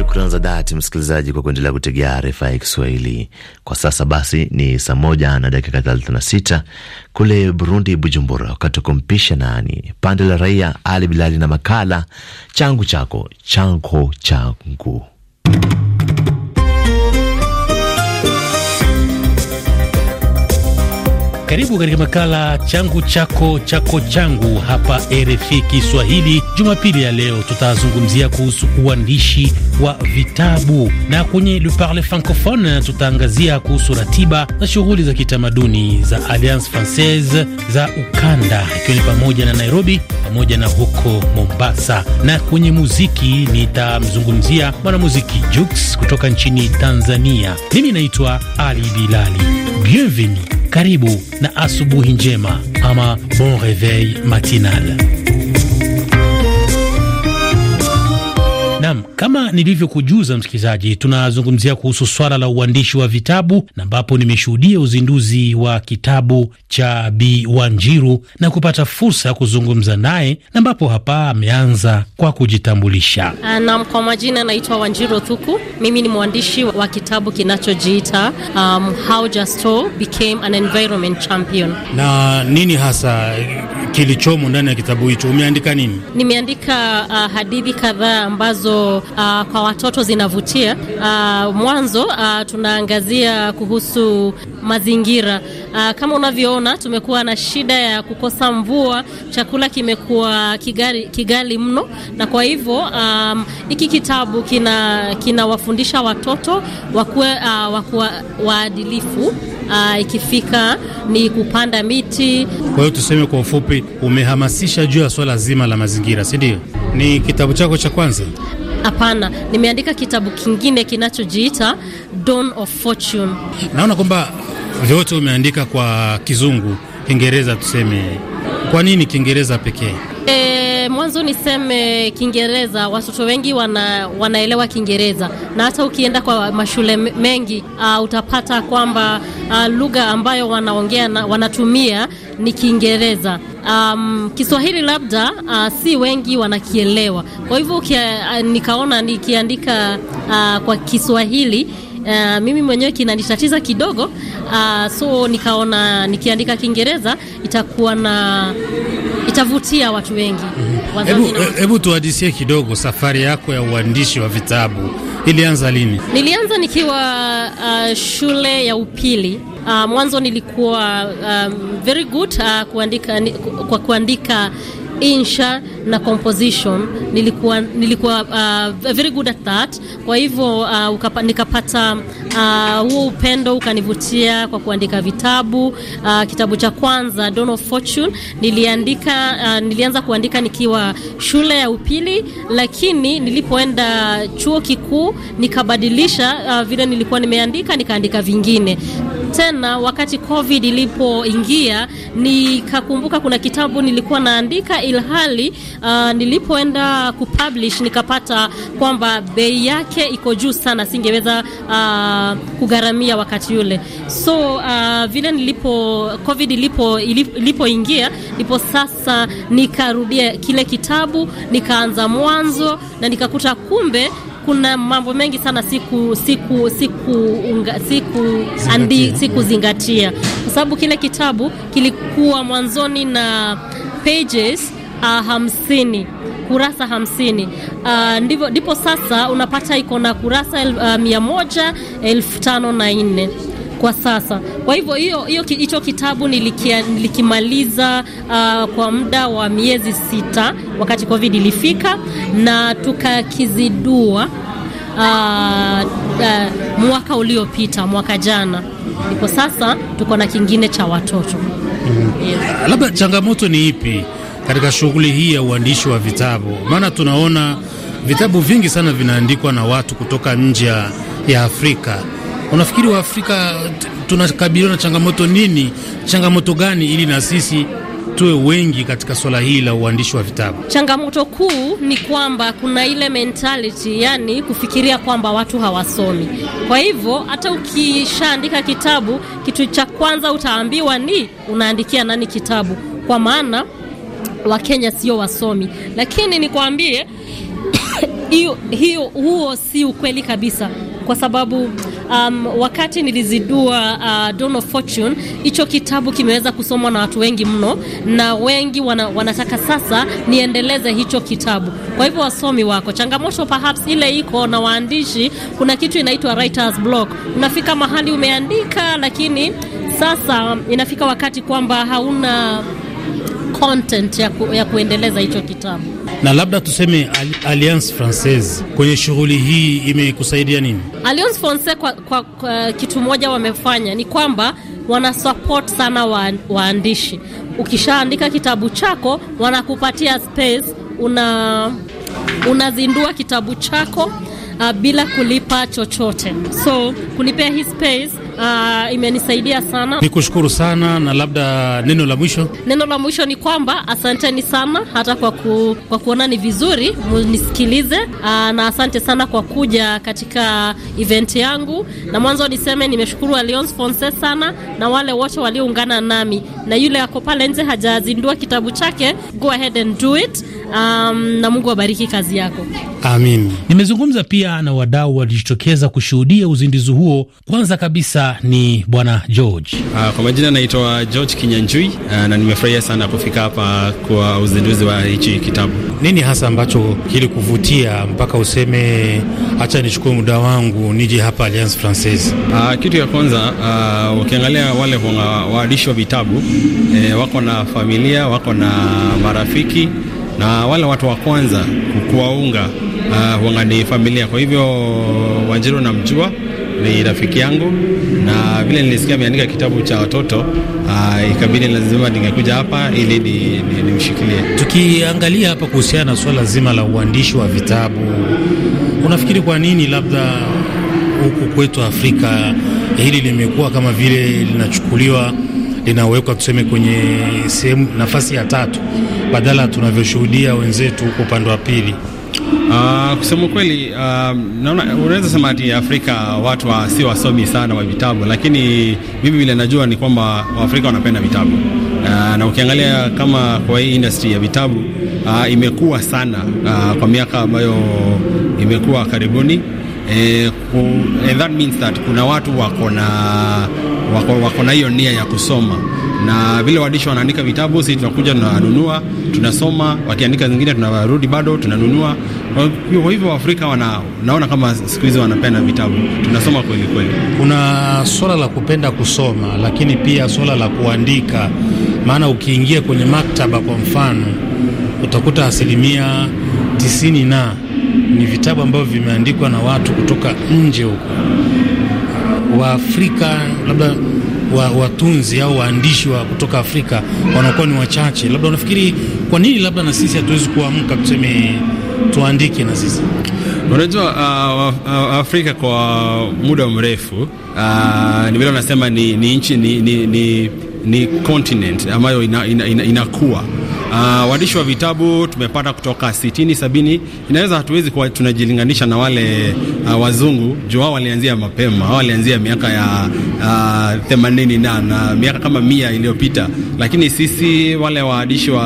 shukran za dhati msikilizaji kwa kuendelea kutegea ya Kiswahili. Kwa sasa basi ni saa moja na dakika sita kule Burundi, Bujumbura, wakati wa kumpisha nani pande la raia Ali Bilali na makala changu chako chango changu. Karibu katika makala changu chako chako changu hapa RFI Kiswahili. Jumapili ya leo tutazungumzia kuhusu uandishi wa vitabu, na kwenye Le Parle Francophone tutaangazia kuhusu ratiba na shughuli za kitamaduni za Alliance Francaise za ukanda, ikiwa ni pamoja na Nairobi pamoja na huko Mombasa. Na kwenye muziki nitamzungumzia mwanamuziki Jux kutoka nchini Tanzania. Mimi naitwa Ali Bilali. Bienvenue. Karibu na asubuhi njema ama bon reveil matinal. Kama nilivyokujuza msikilizaji, tunazungumzia kuhusu swala la uandishi wa vitabu na ambapo nimeshuhudia uzinduzi wa kitabu cha Bi Wanjiru na kupata fursa ya kuzungumza naye na ambapo hapa ameanza kwa kujitambulisha. Ah, naam, kwa majina naitwa Wanjiru Thuku. Mimi ni mwandishi wa kitabu kinachojiita um, How Justo Became an Environment Champion. Na nini hasa kilichomo ndani ya kitabu hicho? Umeandika nini? Nimeandika uh, hadithi kadhaa ambazo uh, kwa watoto zinavutia. Uh, mwanzo uh, tunaangazia kuhusu mazingira uh, kama unavyoona tumekuwa na shida ya kukosa mvua, chakula kimekuwa kigali, kigali mno, na kwa hivyo hiki um, kitabu kinawafundisha kina watoto wakuwe uh, wakuwa waadilifu Uh, ikifika ni kupanda miti. Kwa hiyo tuseme kwa ufupi, umehamasisha juu ya swala zima la mazingira, si ndio? Ni kitabu chako cha kwanza? Hapana, nimeandika kitabu kingine kinachojiita Dawn of Fortune. Naona kwamba vyote umeandika kwa Kizungu, Kiingereza tuseme. Kwa nini Kiingereza pekee? E, mwanzo niseme Kiingereza, watoto wengi wana, wanaelewa Kiingereza na hata ukienda kwa mashule mengi uh, utapata kwamba uh, lugha ambayo wanaongea na, wanatumia ni Kiingereza. Um, Kiswahili labda uh, si wengi wanakielewa, kwa hivyo uh, nikaona nikiandika uh, kwa Kiswahili uh, mimi mwenyewe kinanitatiza kidogo uh, so nikaona nikiandika Kiingereza itakuwa na itavutia watu wengi. Mhm. Hebu mm -hmm. tuhadisie kidogo safari yako ya uandishi wa vitabu ilianza lini? Nilianza nikiwa uh, shule ya upili. Uh, mwanzo nilikuwa um, very good uh, kuandika, ni, kwa kuandika insha na composition nilikuwa, nilikuwa uh, very good at that. Kwa hivyo uh, nikapata uh, upendo ukanivutia kwa kuandika vitabu uh, kitabu cha kwanza Dawn of Fortune niliandika uh, nilianza kuandika nikiwa shule ya upili, lakini nilipoenda chuo kikuu nikabadilisha uh, vile nilikuwa nimeandika nikaandika vingine tena wakati Covid ilipoingia nikakumbuka kuna kitabu nilikuwa naandika, ilhali uh, nilipoenda kupublish nikapata kwamba bei yake iko juu sana, singeweza uh, kugharamia wakati yule. So uh, vile nilipo COVID ilipo ilipoingia ndipo sasa nikarudia kile kitabu nikaanza mwanzo na nikakuta kumbe kuna mambo mengi sana siku siku siku unga, siku andi sikuzingatia, kwa sababu kile kitabu kilikuwa mwanzoni na pages uh, hamsini kurasa hamsini. Uh, ah, ndivyo ndipo sasa unapata iko na kurasa el, uh, mia moja elfu tano na nne kwa sasa. Kwa hivyo hiyo hiyo hicho kitabu nilikia, nilikimaliza uh, kwa muda wa miezi sita wakati Covid ilifika na tukakizidua uh, uh, mwaka uliopita mwaka jana, ndipo sasa tuko na kingine cha watoto. Mm. Yes. Labda changamoto ni ipi? katika shughuli hii ya uandishi wa vitabu, maana tunaona vitabu vingi sana vinaandikwa na watu kutoka nje ya Afrika. Unafikiri Waafrika tunakabiliwa na changamoto nini, changamoto gani, ili na sisi tuwe wengi katika swala hili la uandishi wa vitabu? Changamoto kuu ni kwamba kuna ile mentality, yani kufikiria kwamba watu hawasomi. Kwa hivyo hata ukishaandika kitabu, kitu cha kwanza utaambiwa ni unaandikia nani kitabu, kwa maana Wakenya sio wasomi, lakini nikwambie hiyo hiyo, huo si ukweli kabisa kwa sababu um, wakati nilizidua uh, Dawn of Fortune, hicho kitabu kimeweza kusomwa na watu wengi mno, na wengi wana, wanataka sasa niendeleze hicho kitabu. Kwa hivyo wasomi wako changamoto, perhaps ile iko na waandishi, kuna kitu inaitwa writers block. Unafika mahali umeandika, lakini sasa inafika wakati kwamba hauna content ya, ku, ya kuendeleza hicho kitabu. Na labda tuseme Alliance Francaise kwenye shughuli hii imekusaidia nini? Alliance Francaise kwa, kwa, kwa kitu moja wamefanya ni kwamba support sana wa, waandishi. Ukishaandika kitabu chako wanakupatia space, una unazindua kitabu chako uh, bila kulipa chochote, so kunipea hii space uh, imenisaidia sana. kushukuru sana, na labda neno la mwisho. Neno la mwisho ni kwamba asanteni sana hata kwa, ku, kwa kuona ni vizuri munisikilize, uh, ah, na asante sana kwa kuja katika event yangu, na mwanzo niseme nimeshukuru Alliance Francaise sana na wale wote walioungana nami, na yule ako pale nje hajazindua kitabu chake, go ahead and do it. Um, na Mungu abariki kazi yako. Amin. Nimezungumza pia na wadau walijitokeza kushuhudia uzinduzi huo. Kwanza kabisa ni bwana George. Uh, kwa majina naitwa George Kinyanjui uh, na nimefurahia sana kufika hapa kwa uzinduzi wa hichi kitabu. Nini hasa ambacho kilikuvutia mpaka useme acha nichukue muda wangu nije hapa Alliance Francaise? Uh, kitu ya kwanza uh, ukiangalia wale waandishi wa vitabu eh, wako na familia, wako na marafiki na wale watu wa kwanza kuwaunga uh, wanga ni familia. Kwa hivyo Wanjiru namjua ni rafiki yangu, na vile nilisikia ameandika kitabu cha watoto uh, ikabidi lazima ningekuja hapa ili nimshikilie ni, ni tukiangalia hapa kuhusiana na swala zima la uandishi wa vitabu, unafikiri kwa nini labda huku kwetu Afrika hili limekuwa kama vile linachukuliwa linawekwa tuseme kwenye sehemu nafasi ya tatu badala tunavyoshuhudia wenzetu huko upande wa pili? Uh, kusema kweli uh, ah, naona unaweza sema ati Afrika watu wa, si wasomi sana wa vitabu, lakini mimi vile najua ni kwamba Waafrika wanapenda vitabu uh, na ukiangalia kama kwa hii industry ya vitabu uh, imekuwa sana uh, kwa miaka ambayo imekuwa karibuni eh, ku, eh, that means that kuna watu wako na wako, wako na hiyo nia ya kusoma na vile waandishi wanaandika vitabu, sisi tunakuja tunanunua, tunasoma, wakiandika zingine tunarudi bado tunanunua. Kwa hivyo Waafrika wana, naona kama siku hizi wanapenda vitabu, tunasoma kweli kweli. Kuna swala la kupenda kusoma, lakini pia swala la kuandika, maana ukiingia kwenye maktaba kwa mfano utakuta asilimia tisini na ni vitabu ambavyo vimeandikwa na watu kutoka nje huko, Waafrika labda wa, watunzi au waandishi wa kutoka Afrika wanakuwa ni wachache. Labda unafikiri kwa nini labda na sisi hatuwezi kuamka tuseme tuandike na sisi. Unajua uh, uh, Afrika kwa muda mrefu uh, ni vile unasema ni, ni nchi ni, ni, ni, ni continent ambayo inakuwa ina, ina, ina Uh, waandishi wa vitabu tumepata kutoka sitini sabini. Inaweza hatuwezi kuwa tunajilinganisha na wale uh, wazungu juu wao walianzia mapema, wao walianzia miaka ya uh, themanini na na miaka kama mia iliyopita, lakini sisi wale waandishi wa,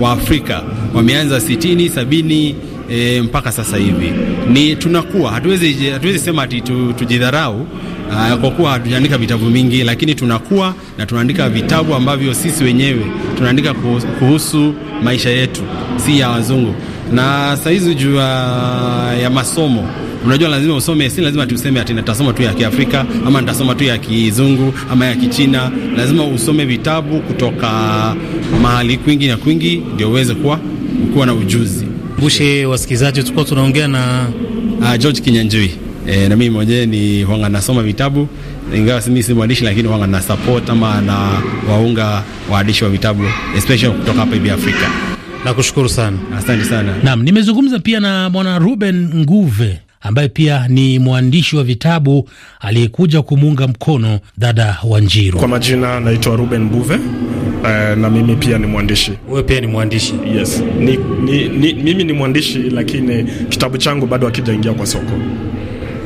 wa Afrika wameanza sitini sabini e, mpaka sasa hivi ni tunakuwa. Hatuwezi, hatuwezi sema ati tu, tujidharau ah, kwa kuwa hatujaandika vitabu mingi, lakini tunakuwa na tunaandika vitabu ambavyo sisi wenyewe tunaandika kuhusu maisha yetu, si ya wazungu. Na sahizi juu ya masomo Unajua, lazima usome, si lazima tuseme ati nitasoma tu ya Kiafrika ama nitasoma tu ya Kizungu ama ya Kichina. Lazima usome vitabu kutoka mahali kwingi na kwingi, ndio uweze kuwa kuwa na ujuzi. Wakumbushe wasikilizaji, tulikuwa tunaongea na uh, George Kinyanjui e, na mimi mwenyewe ni huanga nasoma vitabu ingawa mimi si mwandishi, lakini huanga na support ama na waunga waandishi wa vitabu especially kutoka hapa hivi Afrika. Nakushukuru sana, asante sana. Naam, nimezungumza pia na bwana Ruben Nguve ambaye pia ni mwandishi wa vitabu aliyekuja kumuunga mkono dada Wanjiru. Kwa majina naitwa Ruben Buve uh, na mimi pia ni mwandishi. Wewe pia ni mwandishi? Yes. Ni, ni, ni, mimi ni mwandishi lakini kitabu changu bado hakijaingia kwa soko.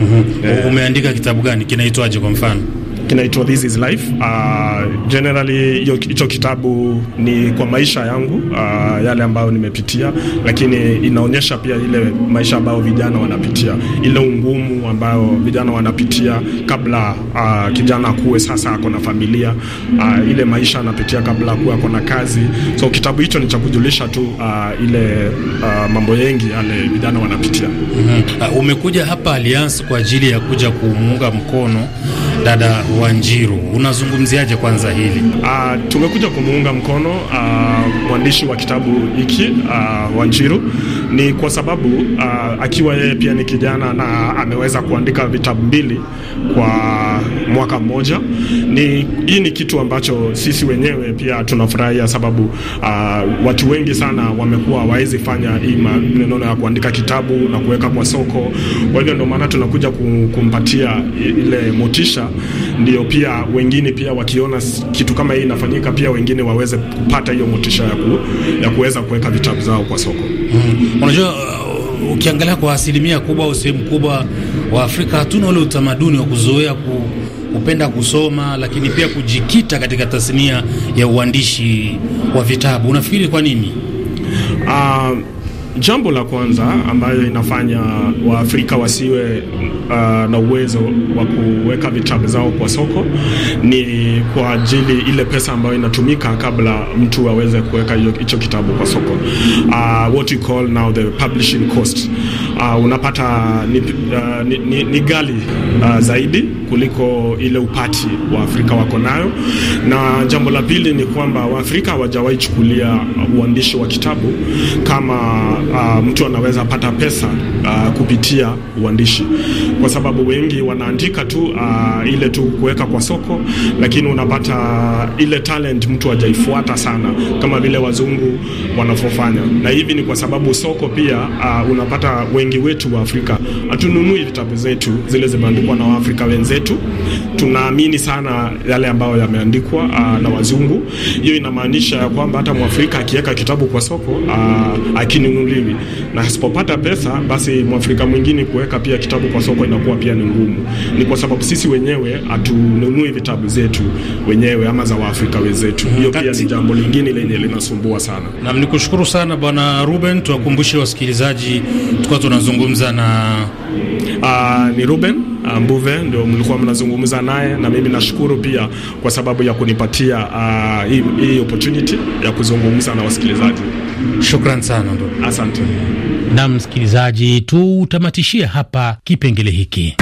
Mm -hmm. Yeah. Umeandika kitabu gani? Kinaitwaje kwa mfano? kinaitwa This is Life. Uh, generally hicho kitabu ni kwa maisha yangu uh, yale ambayo nimepitia, lakini inaonyesha pia ile maisha ambayo vijana wanapitia, ile ungumu ambayo vijana wanapitia kabla uh, kijana kuwe sasa ako na familia uh, ile maisha anapitia kabla kuwa ako na kazi. So kitabu hicho ni cha kujulisha tu uh, ile uh, mambo yengi yale vijana wanapitia. Mm -hmm. Uh, umekuja hapa Alliance kwa ajili ya kuja kuunga mkono Dada Wanjiru, unazungumziaje kwanza hili? Uh, tumekuja kumuunga mkono uh, mwandishi wa kitabu hiki uh, Wanjiru ni kwa sababu uh, akiwa yeye pia ni kijana na ameweza kuandika vitabu mbili kwa mwaka mmoja. Ni hii ni kitu ambacho sisi wenyewe pia tunafurahia, sababu uh, watu wengi sana wamekuwa hawawezi fanya hii maneno ya kuandika kitabu na kuweka kwa soko. Kwa hivyo ndio maana tunakuja kumpatia ile motisha ndio pia wengine pia wakiona kitu kama hii inafanyika, pia wengine waweze kupata hiyo motisha ya, ku, ya kuweza kuweka vitabu zao kwa soko. Hmm. Unajua uh, ukiangalia kwa asilimia kubwa au sehemu kubwa wa Afrika hatuna ule utamaduni wa kuzoea ku kupenda kusoma lakini pia kujikita katika tasnia ya uandishi wa vitabu. Unafikiri kwa nini? Uh, Jambo la kwanza ambayo inafanya Waafrika wasiwe uh, na uwezo wa kuweka vitabu zao kwa soko ni kwa ajili ile pesa ambayo inatumika kabla mtu aweze kuweka hicho kitabu kwa soko, uh, what you call now the publishing cost uh, unapata ni, uh, ni, ni, ni gali uh, ah, zaidi kuliko ile upati Waafrika wako nayo, na jambo la pili ni kwamba Waafrika hawajawahi chukulia uandishi wa kitabu kama uh, mtu anaweza pata pesa uh, kupitia uandishi, kwa sababu wengi wanaandika tu uh, ile tu kuweka kwa soko, lakini unapata ile talent mtu hajaifuata sana kama vile wazungu wanavyofanya, na hivi ni kwa sababu soko pia uh, unapata wengi wetu wa Afrika hatununui vitabu zetu zile zimeandikwa na Waafrika wenzetu, tunaamini sana yale ambayo yameandikwa uh, na wazungu. Hiyo inamaanisha ya kwamba hata Mwafrika akiweka kitabu kwa soko uh, akinunuliwi, na asipopata pesa basi mwafrika mwingine kuweka pia kitabu kwa soko inakuwa pia ni ngumu. Ni kwa sababu sisi wenyewe hatununui vitabu zetu wenyewe ama za waafrika wenzetu. Hiyo pia ni jambo lingine lenye linasumbua sana. Na nikushukuru sana Bwana Ruben, tuwakumbushe wasikilizaji, tulikuwa tunazungumza na Aa, ah, ni Ruben ah, Mbuve ndio mlikuwa mnazungumza naye, na mimi nashukuru pia kwa sababu ya kunipatia uh, hii, hii opportunity ya kuzungumza na wasikilizaji. Shukran sana ndugu, asante. Na msikilizaji, tutamatishia hapa kipengele hiki.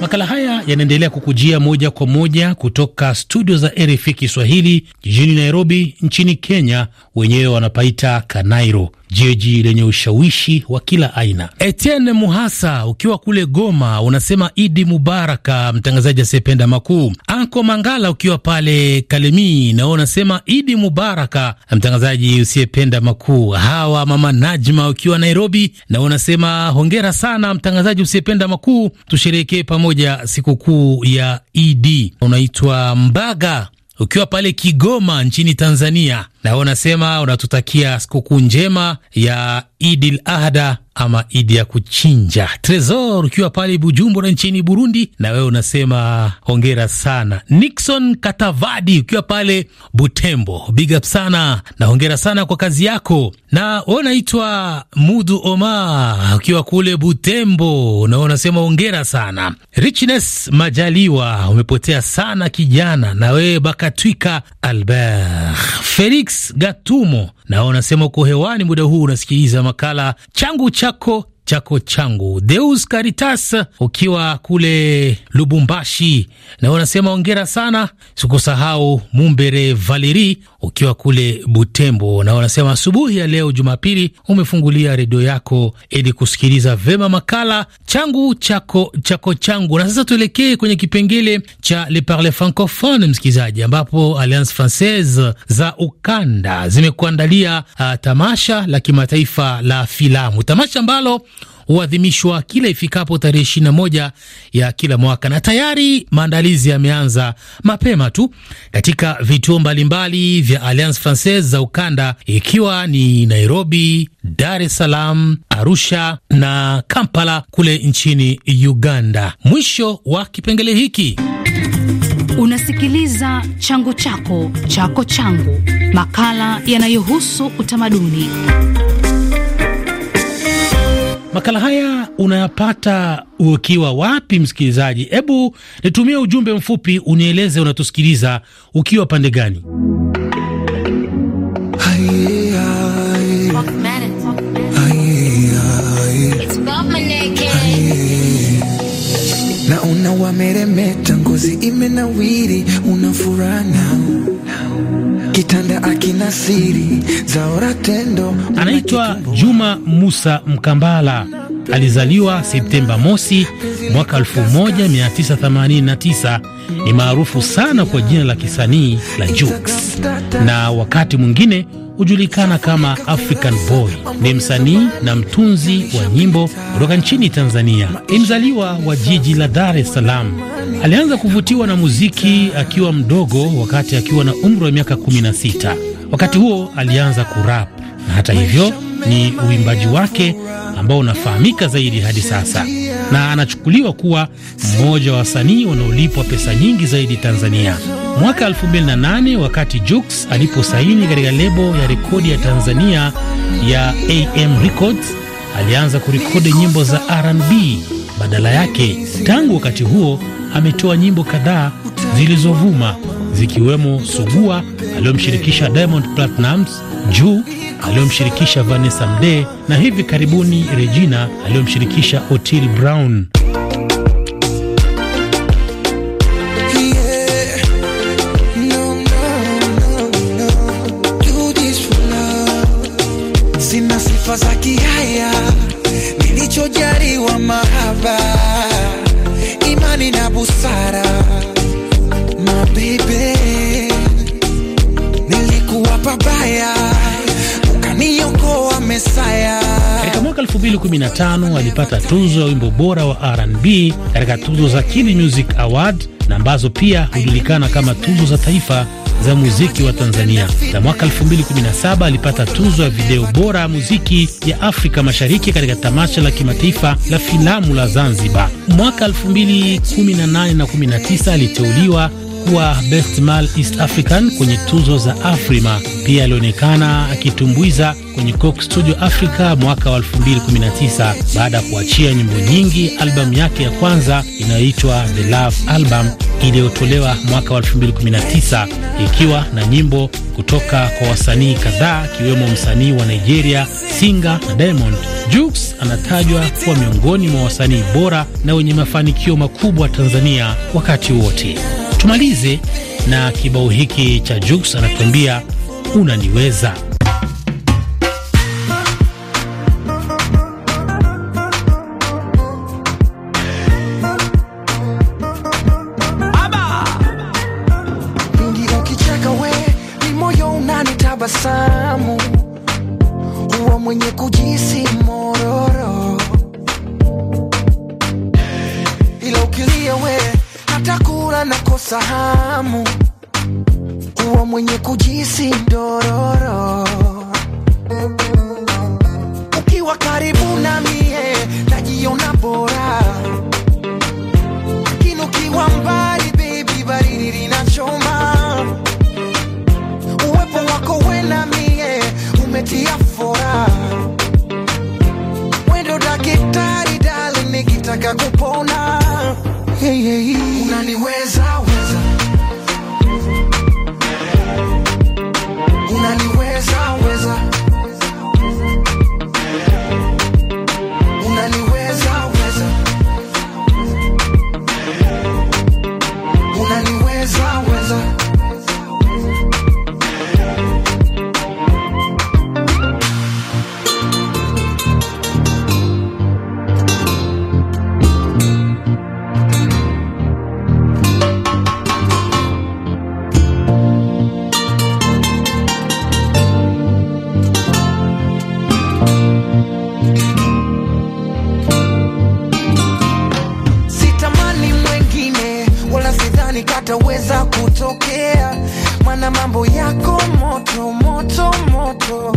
Makala haya yanaendelea kukujia moja kwa moja kutoka studio za RFI Kiswahili jijini Nairobi nchini Kenya, wenyewe wanapaita Kanairo jiji lenye ushawishi wa kila aina. Etienne Muhasa, ukiwa kule Goma, unasema Idi Mubaraka mtangazaji asiyependa makuu. Anko Mangala, ukiwa pale Kalemi, nao unasema Idi Mubaraka mtangazaji usiyependa makuu. Hawa mama Najma, ukiwa Nairobi, nao unasema hongera sana mtangazaji usiyependa makuu, tusherehekee pamoja sikukuu ya Idi. Unaitwa Mbaga ukiwa pale Kigoma nchini Tanzania na wewe unasema unatutakia sikukuu njema ya Idil Ahda ama Idi ya kuchinja. Tresor ukiwa pale Bujumbura nchini Burundi, na wewe unasema hongera sana. Nixon Katavadi ukiwa pale Butembo, big up sana na hongera sana kwa kazi yako. Na wewe unaitwa Mudu Omar ukiwa kule Butembo, na wewe unasema hongera sana. Richness Majaliwa, umepotea sana kijana, na wewe Bakatwika Albert Felix Felix Gatumo, na wanasema uko hewani muda huu unasikiliza makala changu chako chako changu. Deus Caritas ukiwa kule Lubumbashi, na wanasema ongera sana. Sikusahau Mumbere Valeri ukiwa kule Butembo, na wanasema asubuhi ya leo Jumapili umefungulia redio yako ili kusikiliza vema makala changu chako chako changu. Na sasa tuelekee kwenye kipengele cha Le Parle Francophone, msikilizaji, ambapo Alliance Francaise za ukanda zimekuandalia uh, tamasha la kimataifa la filamu, tamasha ambalo huadhimishwa kila ifikapo tarehe 21 ya kila mwaka, na tayari maandalizi yameanza mapema tu katika vituo mbalimbali vya Alliance Francaise za ukanda, ikiwa ni Nairobi, Dar es Salaam, Arusha na Kampala kule nchini Uganda. Mwisho wa kipengele hiki. Unasikiliza changu chako chako changu, makala yanayohusu utamaduni. Makala haya unayapata ukiwa wapi, msikilizaji? Hebu nitumie ujumbe mfupi unieleze unatusikiliza ukiwa pande gani. Naona wameremeta, ngozi imenawiri, unafurana kitanda akina siri zaora tendo. Anaitwa Juma Musa Mkambala, alizaliwa Septemba mosi mwaka 1989. Ni maarufu sana kwa jina la kisanii la Jux, na wakati mwingine hujulikana kama African Boy ni msanii na mtunzi wa nyimbo kutoka nchini Tanzania. Ni mzaliwa wa jiji la Dar es Salaam. Alianza kuvutiwa na muziki akiwa mdogo, wakati akiwa na umri wa miaka 16. Wakati huo alianza kurap, na hata hivyo ni uimbaji wake ambao unafahamika zaidi hadi sasa na anachukuliwa kuwa mmoja wa wasanii wanaolipwa pesa nyingi zaidi Tanzania. Mwaka 2008 wakati Jux aliposaini katika lebo ya rekodi ya Tanzania ya AM Records, alianza kurekodi nyimbo za R&B badala yake. Tangu wakati huo ametoa nyimbo kadhaa zilizovuma zikiwemo Sugua aliyomshirikisha Diamond Platnumz juu aliyomshirikisha Vanessa Mdee na hivi karibuni Regina aliyomshirikisha otil Brown. Sina sifa za kihaya nilichojariwa mahaba 2015 alipata tuzo ya wimbo bora wa R&B katika tuzo za Kili Music Award na ambazo pia hujulikana kama tuzo za taifa za muziki wa Tanzania. Na mwaka 2017 alipata tuzo ya video bora ya muziki ya Afrika Mashariki katika tamasha la kimataifa la filamu la Zanzibar. Mwaka 2018 na 19 aliteuliwa kuwa Best Male East African kwenye tuzo za Afrima. Pia alionekana akitumbuiza kwenye Coke Studio Africa mwaka wa 2019 baada ya kuachia nyimbo nyingi. Albamu yake ya kwanza inayoitwa The Love Album iliyotolewa mwaka wa 2019 ikiwa na nyimbo kutoka kwa wasanii kadhaa akiwemo msanii wa Nigeria Singa na Diamond. Jux anatajwa kuwa miongoni mwa wasanii bora na wenye mafanikio makubwa Tanzania wakati wote. Tumalize na kibao hiki cha Jux anatuambia unaniweza. yeah. hataweza kutokea, mana mambo yako moto moto moto,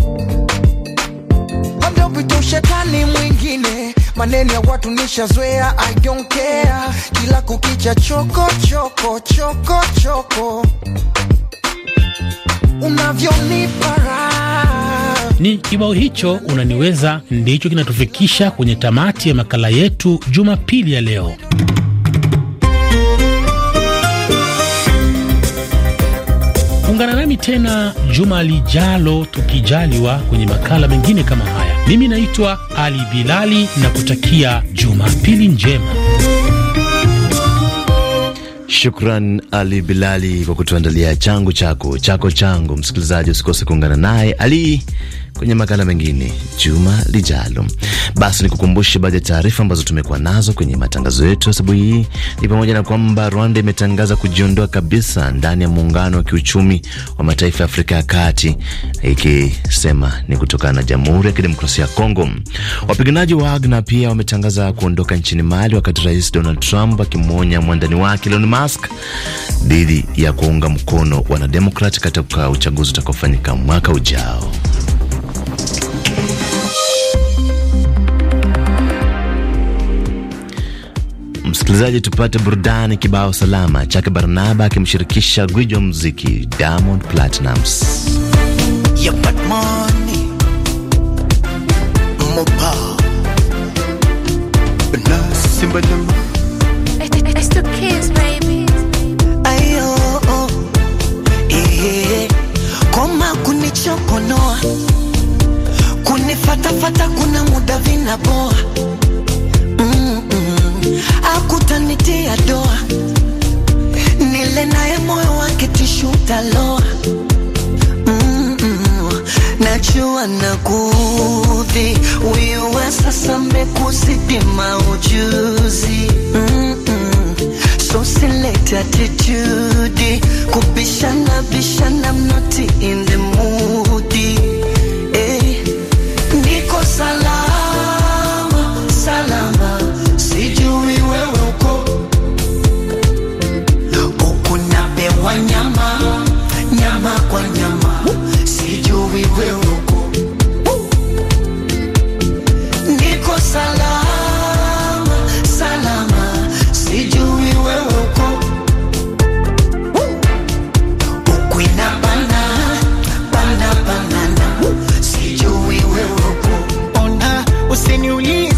labda upite ushetani mwingine maneno ya watu nishazoea, I don't care, kila kukicha choko choko choko choko, unavyonipa ni kibao hicho unaniweza ndicho kinatufikisha kwenye tamati ya makala yetu Jumapili ya leo. nami tena juma lijalo, tukijaliwa, kwenye makala mengine kama haya. Mimi naitwa Ali Bilali na kutakia jumapili njema. Shukran Ali Bilali kwa kutuandalia changu chako chako changu. Msikilizaji, usikose kuungana naye Ali kwenye makala mengine juma lijalo. Basi nikukumbushe baadhi ya taarifa ambazo tumekuwa nazo kwenye matangazo yetu asubuhi hii ni pamoja na kwamba Rwanda imetangaza kujiondoa kabisa ndani ya muungano wa kiuchumi wa mataifa ya Afrika ya Kati, ikisema ni kutokana na Jamhuri ya Kidemokrasia ya Kongo. Wapiganaji wa Wagner pia wametangaza kuondoka nchini Mali, wakati Rais Donald Trump akimwonya mwandani wake Elon Musk dhidi ya kuunga mkono wanademokrat katika uchaguzi utakaofanyika mwaka ujao. Msikilizaji, tupate burudani kibao salama chake Barnaba akimshirikisha gwiji wa muziki Diamond Platnumz koma kunichokonoa kunifatafata kuna muda vinaboa akutanitia doa, nile naye moyo wake tishu Mm -mm. Najua nakudhi wiwa sasa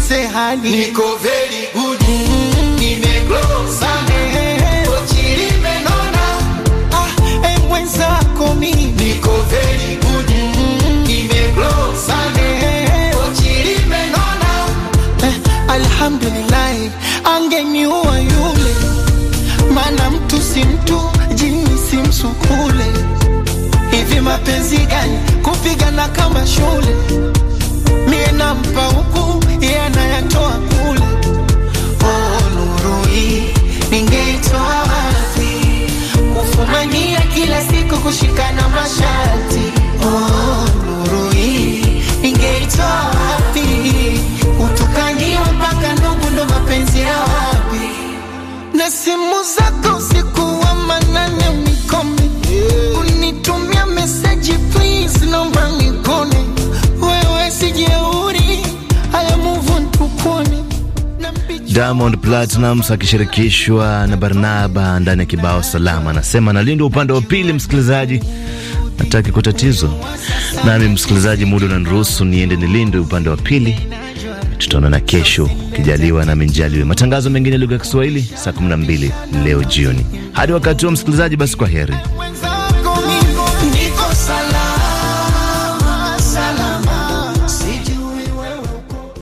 niulize hali, niko very good, nime nimeglow sana mwenzako mimi niko very good, nime nimeglow sana menona eh, alhamdulillah, angeniua yule, mana mtu si mtu, jini si msukule. Hivi mapenzi gani kupigana kama shule, mie nampa huku Diamond Platnumz akishirikishwa na Barnaba ndani ya kibao Salama. Anasema nalindwa upande wa pili, msikilizaji nataki kwa tatizo nami. Msikilizaji, muda unaniruhusu niende nilindwe upande wa pili. Tutaonana kesho kijaliwa, nami nijaliwe. Matangazo mengine lugha ya Kiswahili saa 12 leo jioni. Hadi wakati huo, msikilizaji, basi kwa heri.